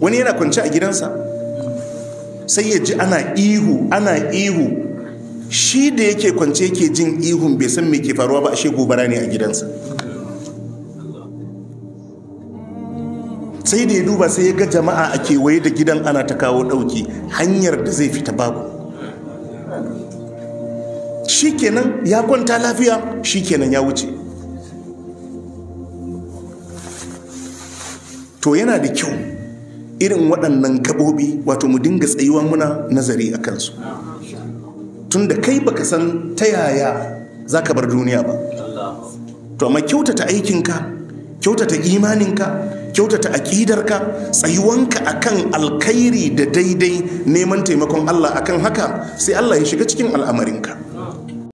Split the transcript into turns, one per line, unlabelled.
wani yana kwanci a gidansa sai ya ji ana ihu ana ihu shi da yake kwance yake jin ihun bai san mai ke faruwa ba shi gobara ne a gidansa sai da ya duba sai ya ga jama'a a kewaye da gidan ana ta kawo ɗauki hanyar da zai fita babu kenan ya kwanta lafiya shi kenan ya wuce to yana da kyau irin waɗannan gaɓoɓi wato mu dinga tsayuwa muna nazari a kansu tun da kai baka san ta yaya za ka bar duniya ba to amma kyautata aikinka kyautata imaninka kyautata aƙidarka tsayuwanka akan alkhairi da daidai neman taimakon Allah akan haka sai Allah ya shiga cikin al'amarinka